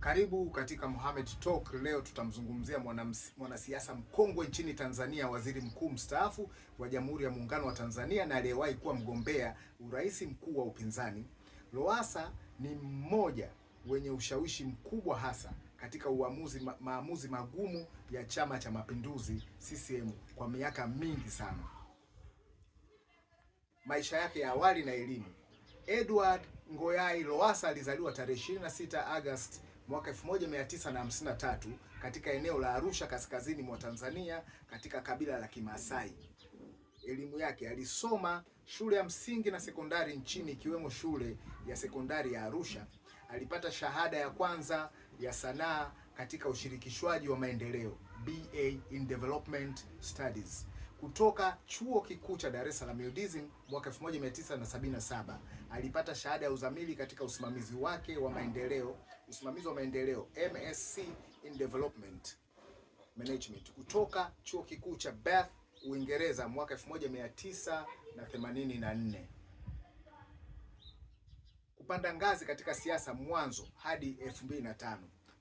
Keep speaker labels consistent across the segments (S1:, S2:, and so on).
S1: Karibu katika Mohamed Talk. Leo tutamzungumzia mwanasiasa mwana mkongwe nchini Tanzania, waziri mkuu mstaafu wa Jamhuri ya Muungano wa Tanzania na aliyewahi kuwa mgombea urais mkuu wa upinzani. Lowassa ni mmoja wenye ushawishi mkubwa hasa katika uamuzi ma, maamuzi magumu ya Chama cha Mapinduzi CCM kwa miaka mingi sana. Maisha yake ya awali na elimu. Edward Ngoyai Lowassa alizaliwa tarehe 26 Agosti mwaka 1953 katika eneo la Arusha kaskazini mwa Tanzania katika kabila la Kimasai. Elimu yake alisoma shule ya msingi na sekondari nchini ikiwemo shule ya sekondari ya Arusha. Alipata shahada ya kwanza ya sanaa katika ushirikishwaji wa maendeleo BA in Development Studies kutoka chuo kikuu cha Dar es Salaam UDSM mwaka 1977. Alipata shahada ya uzamili katika usimamizi wake wa maendeleo, usimamizi wa maendeleo MSc in Development Management kutoka chuo kikuu cha Bath, Uingereza mwaka 1984. Kupanda ngazi katika siasa mwanzo hadi 2005.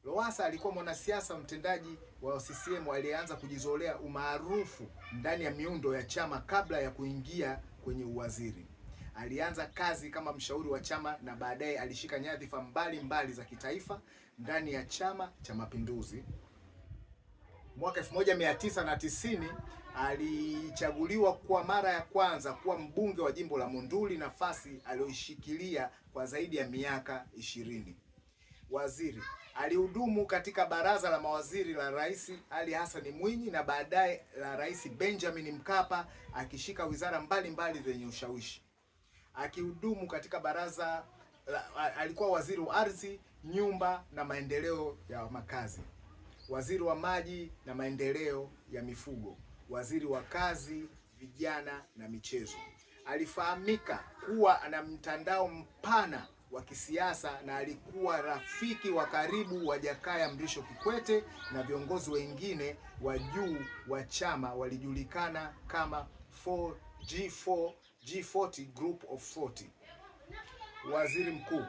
S1: Lowassa alikuwa mwanasiasa mtendaji wa CCM aliyeanza kujizolea umaarufu ndani ya miundo ya chama kabla ya kuingia kwenye uwaziri. Alianza kazi kama mshauri wa chama na baadaye alishika nyadhifa mbalimbali za kitaifa ndani ya Chama cha Mapinduzi. Mwaka 1990 alichaguliwa kwa mara ya kwanza kuwa mbunge wa jimbo la Monduli, nafasi aliyoishikilia kwa zaidi ya miaka ishirini waziri. Alihudumu katika baraza la mawaziri la Rais Ali Hassan Mwinyi na baadaye la Rais Benjamin Mkapa akishika wizara mbalimbali zenye ushawishi. Akihudumu katika baraza la, alikuwa waziri wa ardhi, nyumba na maendeleo ya makazi, waziri wa maji na maendeleo ya mifugo, waziri wa kazi, vijana na michezo. Alifahamika kuwa ana mtandao mpana wa kisiasa na alikuwa rafiki wa karibu wa Jakaya Mrisho Kikwete na viongozi wengine wa juu wa chama walijulikana kama 4 G4, G40 group of 40. Waziri mkuu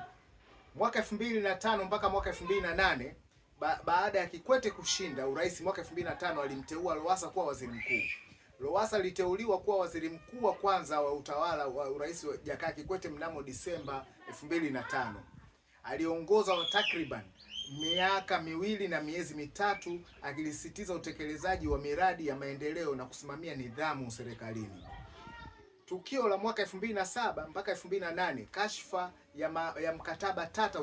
S1: mwaka 2005 mpaka mwaka 2008 ba baada ya Kikwete kushinda urais mwaka 2005 alimteua Lowassa kuwa waziri mkuu. Lowassa aliteuliwa kuwa waziri mkuu wa kwanza wa utawala wa Rais Jakaya Kikwete mnamo Disemba 2005. Aliongoza takriban miaka miwili na miezi mitatu akilisitiza utekelezaji wa miradi ya maendeleo na kusimamia nidhamu serikalini. Tukio la mwaka 2007 mpaka 2008, kashfa ya, ya mkataba tata